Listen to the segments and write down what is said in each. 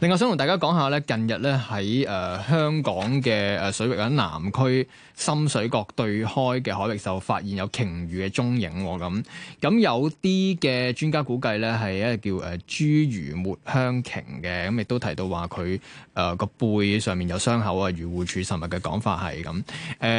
另外想同大家講下咧，近日咧喺誒香港嘅誒水域，喺南區深水角對開嘅海域就發現有鯨魚嘅蹤影喎，咁、哦、咁有啲嘅專家估計咧係一個叫誒侏儒抹香鯨嘅，咁亦都提到話佢誒個背上面有傷口啊，漁護署尋日嘅講法係咁。誒、嗯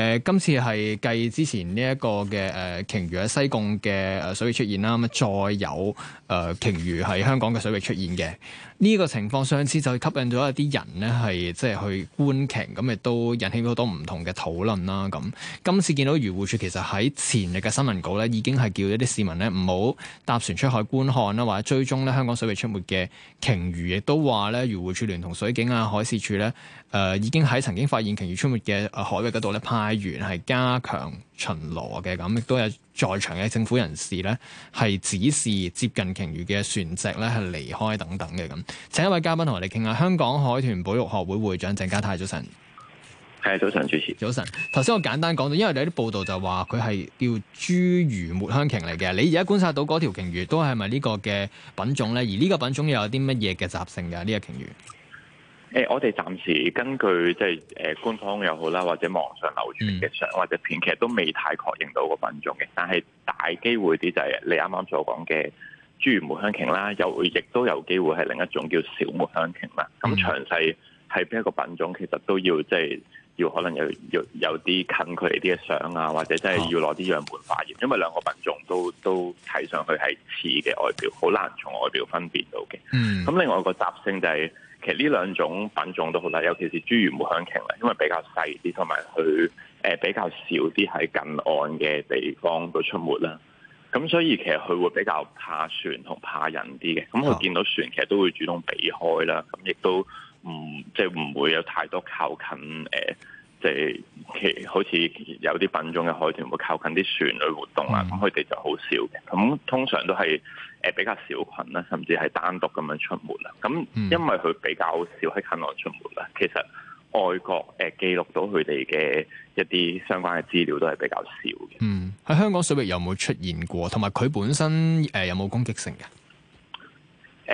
呃、今次係繼之前呢一個嘅誒、呃、鯨魚喺西貢嘅誒水域出現啦，咁再有誒、呃、鯨魚喺香港嘅水域出現嘅呢、這個情況相次就吸引咗一啲人咧，係即係去觀鯨，咁亦都引起好多唔同嘅討論啦。咁今次見到漁護署其實喺前日嘅新聞稿咧，已經係叫一啲市民咧唔好搭船出海觀看啦，或者追蹤咧香港水域出沒嘅鯨魚，亦都話咧漁護署聯同水警啊、海事處咧，誒，已經喺曾經發現鯨魚出沒嘅海域嗰度咧派員係加強。巡邏嘅，咁亦都有在場嘅政府人士咧，係指示接近鯨魚嘅船隻咧係離開等等嘅。咁，請一位嘉賓同我哋傾下。香港海豚保育學會會，會長鄭家泰，早晨係早晨，早晨主持早晨。頭先我簡單講到，因為有啲報道就話佢係叫侏儒抹香鯨嚟嘅。你而家觀察到嗰條鯨魚都係咪呢個嘅品種咧？而呢個品種又有啲乜嘢嘅習性嘅呢、呢個鯨魚？誒，hey, 我哋暫時根據即係誒官方又好啦，或者網上流傳嘅相或者片，mm. 其實都未太確認到個品種嘅。但係大機會啲就係、是，你啱啱所講嘅侏儒抹香鯨啦，又亦都有機會係另一種叫小抹香鯨啦。咁，mm. 詳細係邊一個品種，其實都要即係、就是，要可能有有有啲近佢哋啲嘅相啊，或者即係要攞啲樣本化驗，oh. 因為兩個品種都都睇上去係似嘅外表，好難從外表分辨到嘅。嗯。咁另外個習性就係。其實呢兩種品種都好啦，尤其是侏儒抹香鯨，因為比較細啲，同埋佢誒比較少啲喺近岸嘅地方度出沒啦。咁所以其實佢會比較怕船同怕人啲嘅，咁佢見到船其實都會主動避開啦。咁亦都唔即係唔會有太多靠近誒。呃即係其好似有啲品種嘅海豚會靠近啲船類活動啊，咁佢哋就好少嘅。咁通常都係誒，比，比較少群啦，甚至係單獨咁樣出沒啦。咁因為佢比較少喺近岸出沒啦，其實外國誒、呃、記錄到佢哋嘅一啲相關嘅資料都係比較少嘅。嗯，喺香港水域有冇出現過？同埋佢本身誒、呃、有冇攻擊性嘅？誒、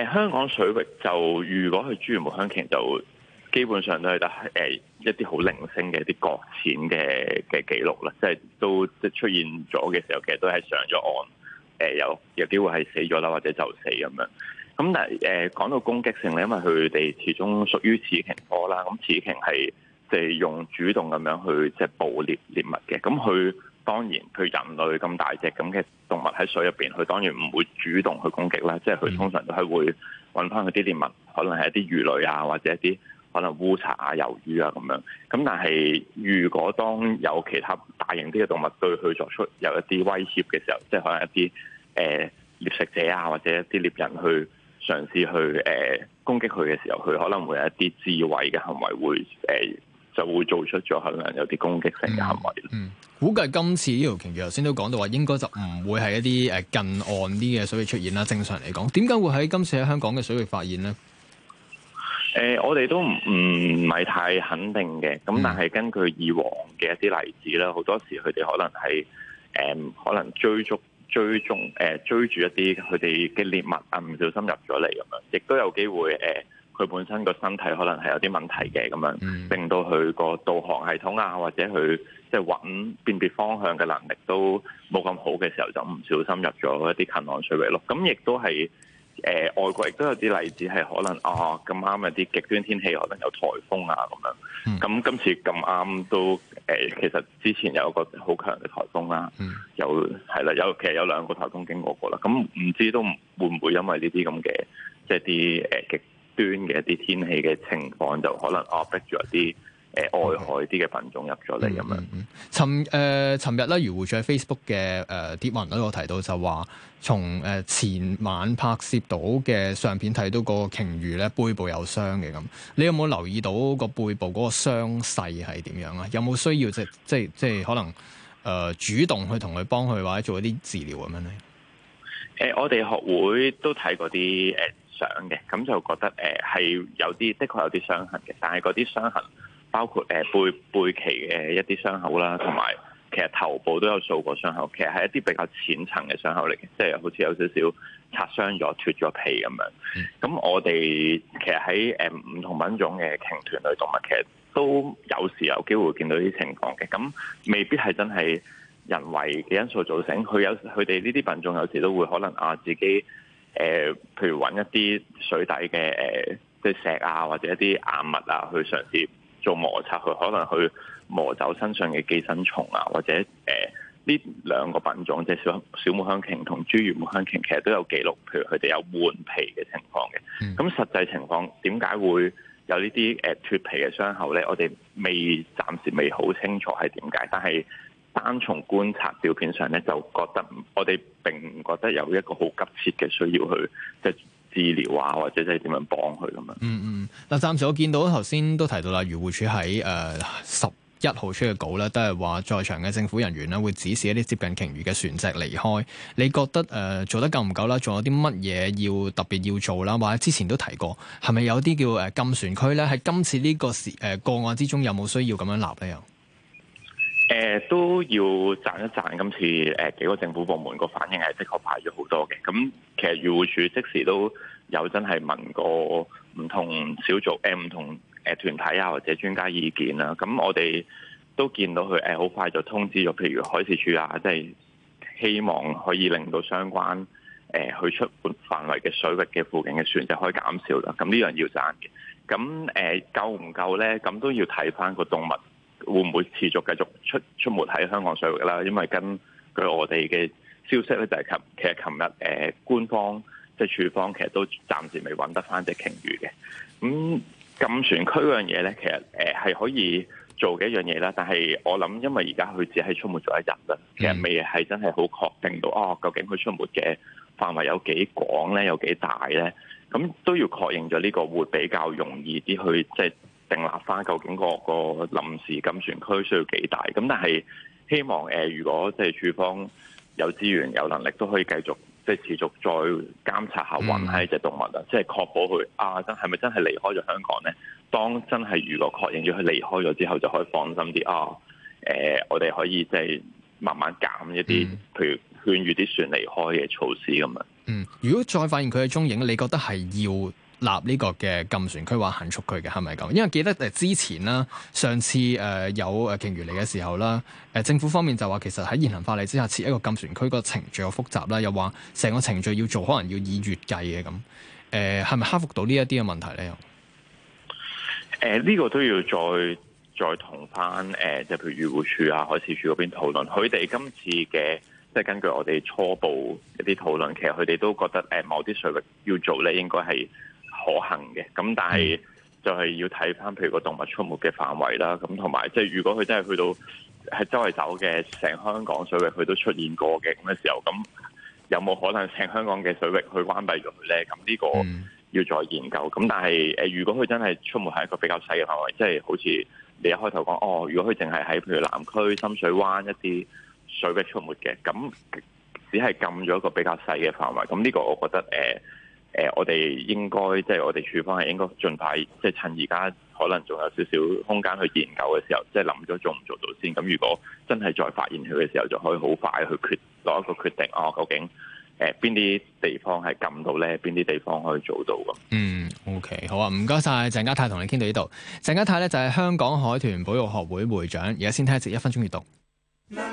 呃、香港水域就如果係侏儒抹香鯨就。基本上都係，但係一啲好零星嘅啲擱淺嘅嘅記錄啦，即係都即係出現咗嘅時候，其實都係上咗岸，誒、呃、有有機會係死咗啦，或者就死咁樣。咁但係誒、呃、講到攻擊性咧，因為佢哋始終屬於齒鯨波啦，咁齒鯨係即係用主動咁樣去即係捕獵獵物嘅。咁佢當然佢人類咁大隻咁嘅動物喺水入邊，佢當然唔會主動去攻擊啦，即係佢通常都係會揾翻佢啲獵物，可能係一啲魚類啊，或者一啲。可能烏賊啊、魷魚啊咁樣，咁但係如果當有其他大型啲嘅動物對佢作出有一啲威脅嘅時候，即係可能一啲誒、呃、獵食者啊，或者一啲獵人去嘗試去誒、呃、攻擊佢嘅時候，佢可能會有一啲自衛嘅行為會，會、呃、誒就會做出咗可能有啲攻擊性嘅行為。嗯。嗯，估計今次呢條鯨魚頭先都講到話，應該就唔會係一啲誒近岸啲嘅水域出現啦。正常嚟講，點解會喺今次喺香港嘅水域發現呢？誒、呃，我哋都唔唔係太肯定嘅，咁但係根據以往嘅一啲例子啦，好多時佢哋可能係誒、呃，可能追逐、追蹤、誒、呃、追住一啲佢哋嘅獵物啊，唔小心入咗嚟咁樣，亦都有機會誒，佢、呃、本身個身體可能係有啲問題嘅，咁樣令到佢個導航系統啊，或者佢即係揾辨別方向嘅能力都冇咁好嘅時候，就唔小心入咗一啲近岸水域咯，咁亦都係。誒、呃、外國亦都有啲例子係可能啊咁啱一啲極端天氣，可能有颱風啊咁樣，咁、嗯、今次咁啱都誒、呃，其實之前有個好強嘅颱風啦、啊嗯，有係啦有其實有兩個颱風經過過啦，咁、嗯、唔知都會唔會因為呢啲咁嘅即係啲誒極端嘅一啲天氣嘅情況，就可能啊逼住一啲。誒外、呃、海啲嘅品種入咗嚟咁樣，尋誒尋日咧，如在 Facebook 嘅誒啲、呃、文嗰度提到就話，從、呃、誒前晚拍攝到嘅相片睇到個鯨魚咧背部有傷嘅咁，你有冇留意到個背部嗰個傷勢係點樣啊？有冇需要即即即可能誒、呃、主動去同佢幫佢或者做一啲治療咁樣咧？誒、呃，我哋學會都睇過啲誒相嘅，咁就覺得誒係、呃、有啲的確有啲傷痕嘅，但係嗰啲傷痕。包括誒、呃、背背鰭嘅一啲傷口啦，同埋其實頭部都有數個傷口，其實係一啲比較淺層嘅傷口嚟嘅，即係好似有少少擦傷咗、脫咗皮咁樣。咁我哋其實喺誒唔同品種嘅鯨豚類動物，其實都有時有機會見到呢啲情況嘅。咁未必係真係人為嘅因素造成，佢有佢哋呢啲品種有時都會可能啊自己誒、呃，譬如揾一啲水底嘅誒嘅石啊，或者一啲硬物啊去嘗試做摩擦去，可能去磨走身上嘅寄生蟲啊，或者誒呢、呃、兩個品種，即係小小抹香鯨同侏儒抹香鯨其實都有記錄，譬如佢哋有換皮嘅情況嘅。咁、嗯、實際情況點解會有呢啲誒脱皮嘅傷口咧？我哋未暫時未好清楚係點解，但係單從觀察照片上咧，就覺得我哋並唔覺得有一個好急切嘅需要去即。治療啊，或者即係點樣幫佢咁樣？嗯嗯，嗱，暫時我見到頭先都提到啦，漁護署喺誒十一號出嘅稿咧，都係話在場嘅政府人員咧會指示一啲接近鯨魚嘅船隻離開。你覺得誒、呃、做得夠唔夠啦？仲有啲乜嘢要特別要做啦？或者之前都提過，係咪有啲叫誒禁船區咧？喺今次呢個事誒、呃、個案之中，有冇需要咁樣立呢？又？誒、呃、都要讚一讚，今次誒、呃、幾個政府部門個反應係的確快咗好多嘅。咁、嗯、其實漁護署即時都有真係問過唔同小組誒唔、呃、同誒團體啊或者專家意見啦、啊。咁、嗯、我哋都見到佢誒好快就通知咗，譬如海事處啊，即、就、係、是、希望可以令到相關誒、呃、去出沒範圍嘅水域嘅附近嘅船就可以減少啦。咁、嗯、呢樣要讚嘅。咁、嗯、誒、呃、夠唔夠咧？咁都要睇翻個動物。會唔會持續繼續出出沒喺香港水域啦？因為根據我哋嘅消息咧，就係、是、琴其實琴日誒、呃、官方即係處方，其實都暫時未揾得返隻鯨魚嘅。咁、嗯、禁船區嗰樣嘢咧，其實誒係、呃、可以做一樣嘢啦。但係我諗，因為而家佢只係出沒咗一日啦，其實未係真係好確定到哦。究竟佢出沒嘅範圍有幾廣咧？有幾大咧？咁、嗯、都要確認咗呢、這個會比較容易啲去即係。定立翻究竟個個臨時禁船區需要幾大？咁但係希望誒，如果即係處方有資源有能力，都可以繼續即係持續再監察下，揾喺隻動物啊，即係確保佢啊真係咪真係離開咗香港咧？當真係如果確認咗佢離開咗之後，就可以放心啲啊！誒，我哋可以即係慢慢減一啲，譬如勸喻啲船離開嘅措施咁啊。嗯，如果再發現佢嘅蹤影，你覺得係要？立呢個嘅禁船區或限速區嘅係咪咁？因為記得誒之前啦，上次誒、呃、有誒鯨魚嚟嘅時候啦，誒、呃、政府方面就話其實喺現行法例之下設一個禁船區個程序好複雜啦，又話成個程序要做可能要以月計嘅咁。誒係咪克服到呢一啲嘅問題咧？誒呢、呃這個都要再再同翻誒，即、呃、係譬如漁護署啊、海事處嗰邊討論。佢哋今次嘅即係根據我哋初步一啲討論，其實佢哋都覺得誒某啲水域要做咧，應該係。可行嘅，咁但係就係要睇翻，譬如個動物出沒嘅範圍啦，咁同埋即係如果佢真係去到喺周圍走嘅，成香港水域佢都出現過嘅咁嘅時候，咁有冇可能成香港嘅水域去關閉佢呢？咁呢個要再研究。咁但係誒，如果佢真係出沒喺一個比較細嘅範圍，即係好似你一開頭講，哦，如果佢淨係喺譬如南區、深水灣一啲水域出沒嘅，咁只係禁咗一個比較細嘅範圍。咁呢個我覺得誒。呃誒、呃，我哋應該即係我哋處方係應該盡快，即係趁而家可能仲有少少空間去研究嘅時候，即係諗咗做唔做到先。咁如果真係再發現佢嘅時候，就可以好快去決攞一個決定。哦、啊，究竟誒邊啲地方係禁到咧？邊啲地方可以做到嘅？嗯，OK，好啊，唔該晒，鄭家泰，同你傾到呢度。鄭家泰咧就係香港海豚保育學會會會長。而家先聽一節一分鐘閱讀。